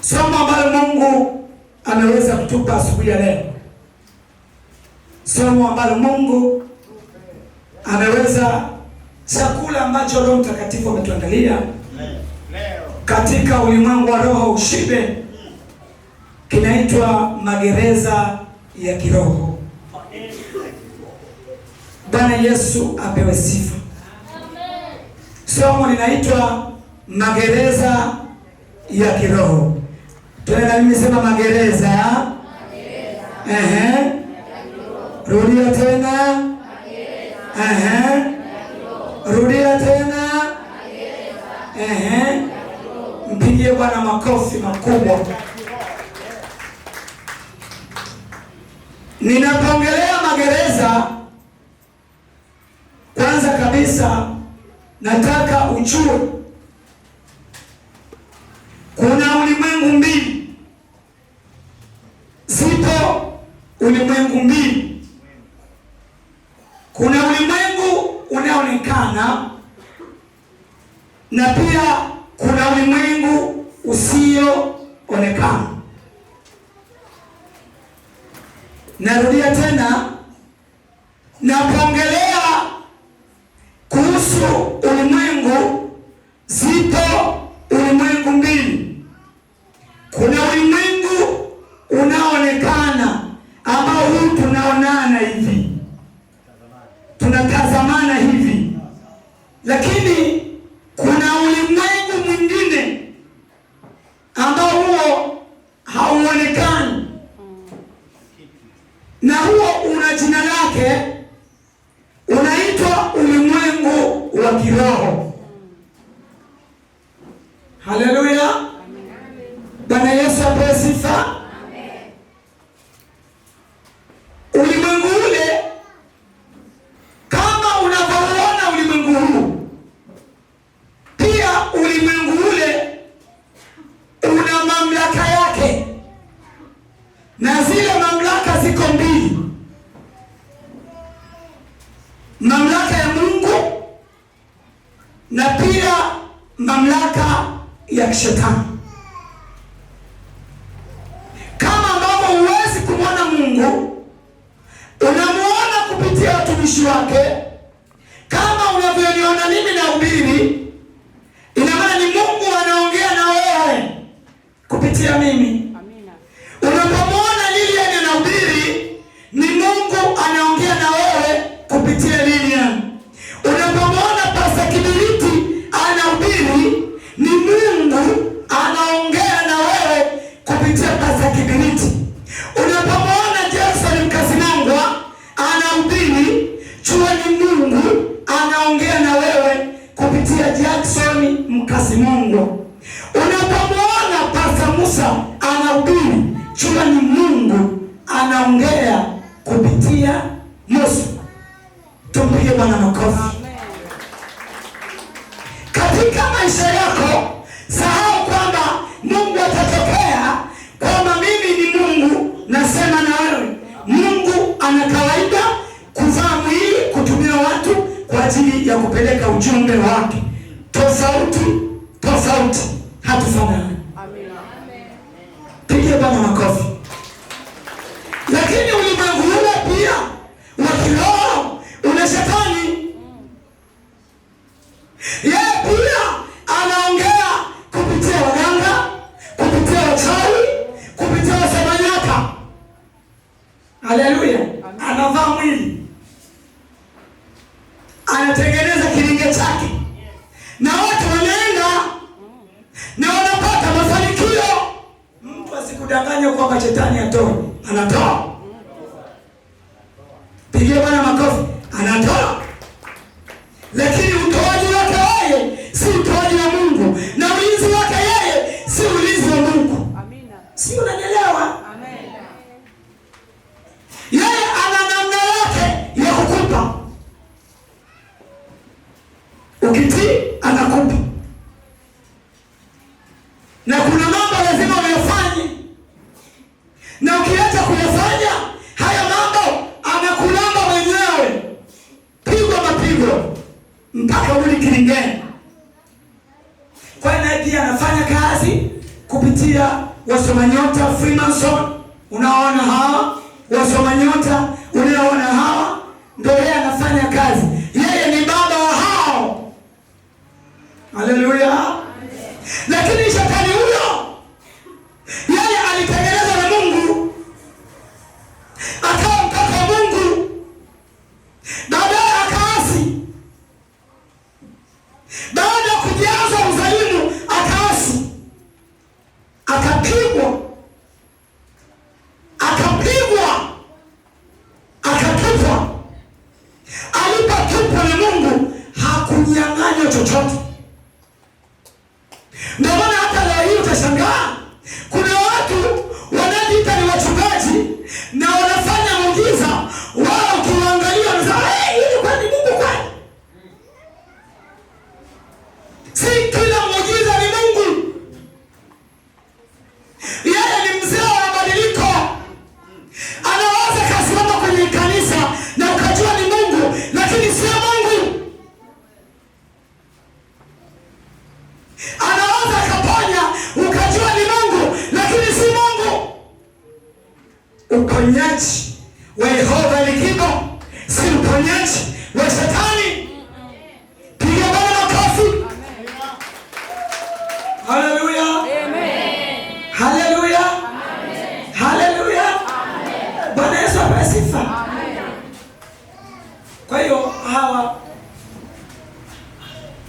somo ambalo Mungu ameweza kutupa asubuhi ya leo, somo ambalo Mungu ameweza, chakula ambacho Roho Mtakatifu ametuandalia katika ulimwengu wa roho ushibe, kinaitwa magereza ya kiroho. Bwana Yesu apewe sifa. Somo linaitwa magereza ya kiroho tena sema magereza ya rudia tena, rudia tena, mpigie Bwana makofi makubwa. Ninapongelea magereza, kwanza kabisa nataka ujue kuna ulimwengu mbili ulimwengu mbili. Kuna ulimwengu unaoonekana na pia kuna ulimwengu usioonekana. Narudia tena, napongelea na jina lake unaitwa ulimwengu wa kiroho. Haleluya, Bwana Yesu apewe sifa. Ulimwengu ule kama unavyoona ulimwengu huu, pia ulimwengu ule una mamlaka yake, na zile mamlaka ziko mbili mamlaka ya Mungu na pia mamlaka ya kishetani. Kama ambavyo huwezi kumwona Mungu, unamuona kupitia watumishi wake, kama unavyoniona mimi na ubiri, ina maana ni Mungu anaongea na wewe kupitia mimi. Unapomwona Lilian ubiri ni Mungu anaongea na wewe kupitia Lilian. anaongea kupitia Yesu. Tumpige Bwana makofi. Katika maisha yako sahau kwamba Mungu atatokea, kwamba mimi ni Mungu nasema na wewe. Mungu ana kawaida kuvaa mwili, kutumia watu kwa ajili ya kupeleka ujumbe wake. Tofauti tofauti hatufanani. Amina. mbele zake, na wote wanaenda na wanapata mafanikio. Mtu asikudanganye kwamba shetani atoe, anatoa 오겠지? to church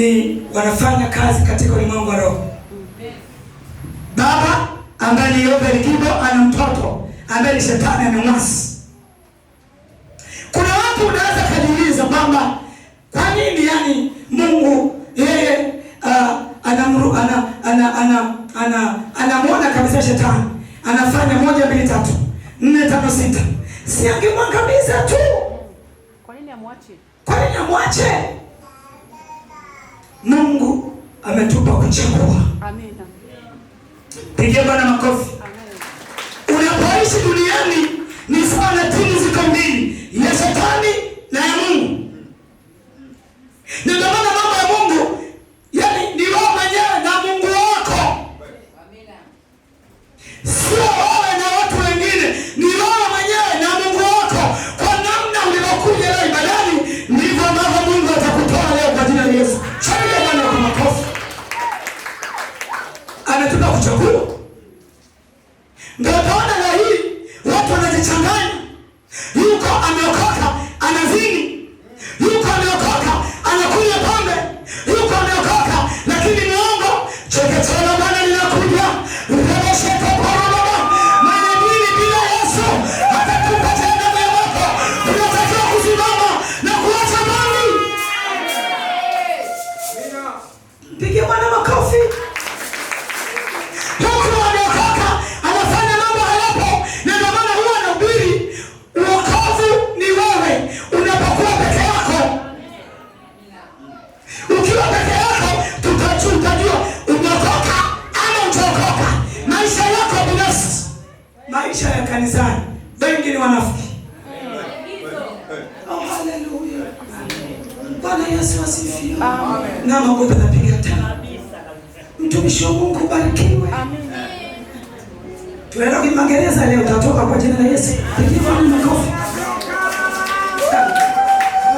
ni wanafanya kazi katika ulimwengu wa roho. Baba ambaye ni Yobel Kibo ana mtoto ambaye ni shetani amemwasi. Kuna watu unaweza kujiuliza kwamba kwa nini yani Mungu yeye ah, anamru ana ana ana ana anamuona kabisa shetani anafanya moja mbili tatu nne tano sita, si angemwangamiza tu, kwa nini amwache? Kwa nini amwache? wa kuchagua. Amina. Pigia Bwana makofi. Unapoishi duniani ni sawa na timu ziko mbili, ya shetani Tunaenda kuimba gereza leo, utatoka kwa jina la Yesu. Pigieni makofi.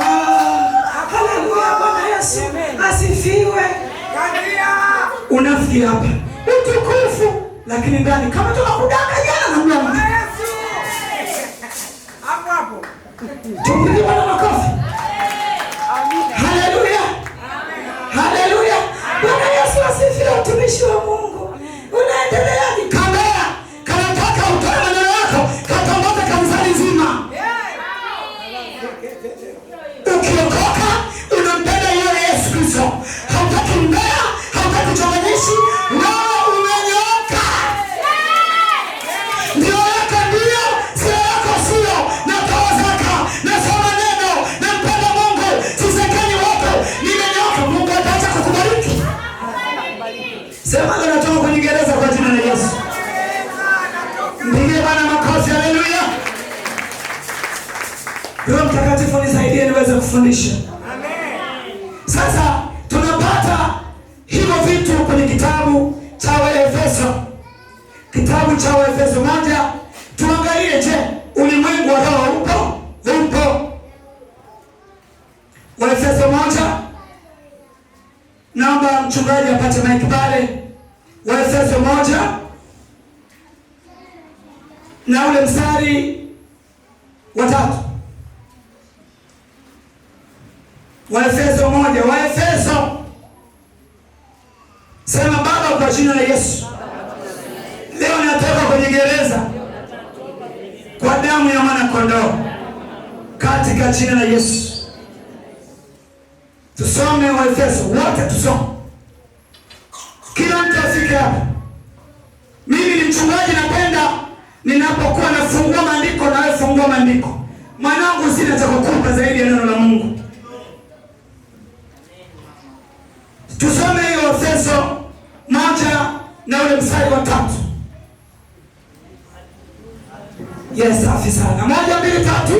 Ah, haleluya, Bwana Yesu asifiwe. Unafikiri hapa utukufu, lakini ndani kama tunakudanganya na mdomo. Hapo hapo. Sema ninatoka kwenye gereza kwa jina la Yesu. Mpigie Bwana makofi, haleluya. Roho Mtakatifu nisaidie niweze kufundisha. Sasa tunapata hivyo vitu kwenye kitabu cha Waefeso, kitabu cha Waefeso moja. Tuangalie, je, ulimwengu wa roho upo? Upo. Waefeso moja, naomba mchungaji apate maiki pale. Waefeso moja na ule mstari wa tatu. Waefeso moja, Waefeso sema Baba, kwa jina la Yesu, leo natoka kwenye gereza kwa damu ya mwana kondoo, katika jina la Yesu. Tusome Waefeso wote, tusome kila mtu afike hapa. Mimi ni mchungaji, napenda ninapokuwa nafungua maandiko na wewe fungua maandiko. Mwanangu, sina cha kukupa zaidi ya neno la Mungu. Tusome hiyo Efeso moja na ule mstari wa tatu. Yes, afisa. Moja, mbili, tatu.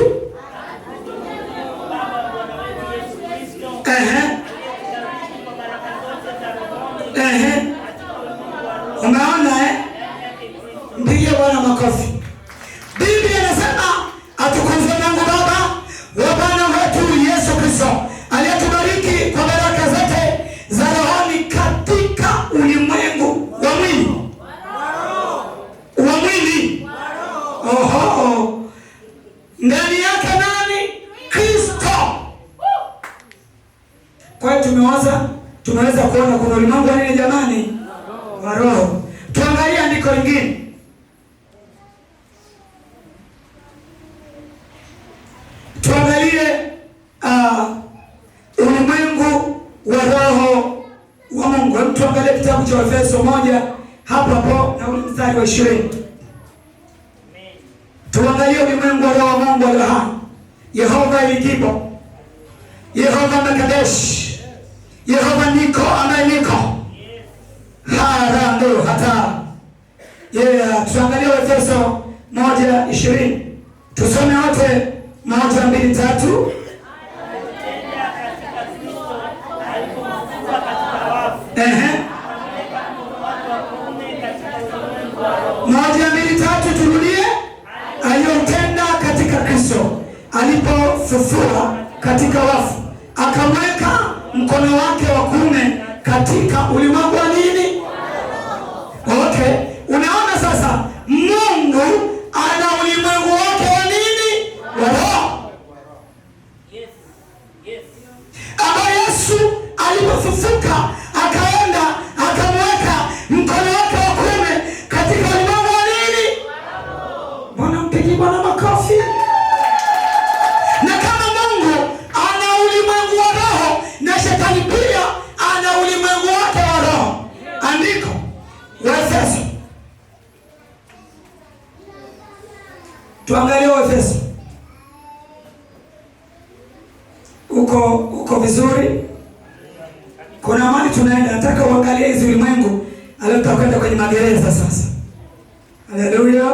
Oho, ndani yake nani? Kristo. Kwa hiyo tumewaza, tunaweza kuona kuna ulimwengu wa nini jamani? Wa roho. Tuangalie andiko lingine tuangalie ah, ulimwengu wa roho wa Mungu. Tuangalie kitabu cha Efeso moja hapo hapo na ule mstari wa ishirini. Tuangalie ulimwengu wa wa Mungu wa Abrahamu. Yehova ilijipo. Yehova Makadesh. Yehova niko ambaye niko. Harambe hata. Yeah, tuangalie Waefeso moja ishirini. Tusome wote moja mbili tatu. Moja mbili tatu turudi. fufua katika wafu, akamweka mkono wake wa kuume katika ulimwengu vizuri, kuna amani tunaenda. Nataka uangalie hizi ulimwengu, alafu tutakwenda kwenye magereza sasa. Haleluya.